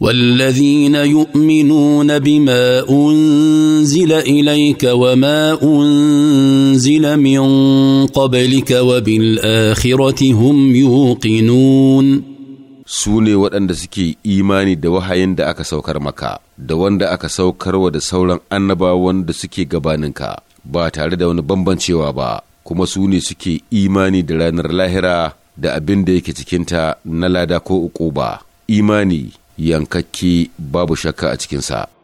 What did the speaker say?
والذين يؤمنون بما انزل اليك وما انزل من قبلك وبالاخره هم يوقنون su ne waɗanda suke imani da wahayin da aka saukar maka da wanda aka saukarwa da sauran annabawan da suke gabaninka ba tare da wani bambancewa ba kuma su ne suke imani da ranar lahira da abin da yake cikinta na lada ko uku ba imani yankakki babu shakka a cikinsa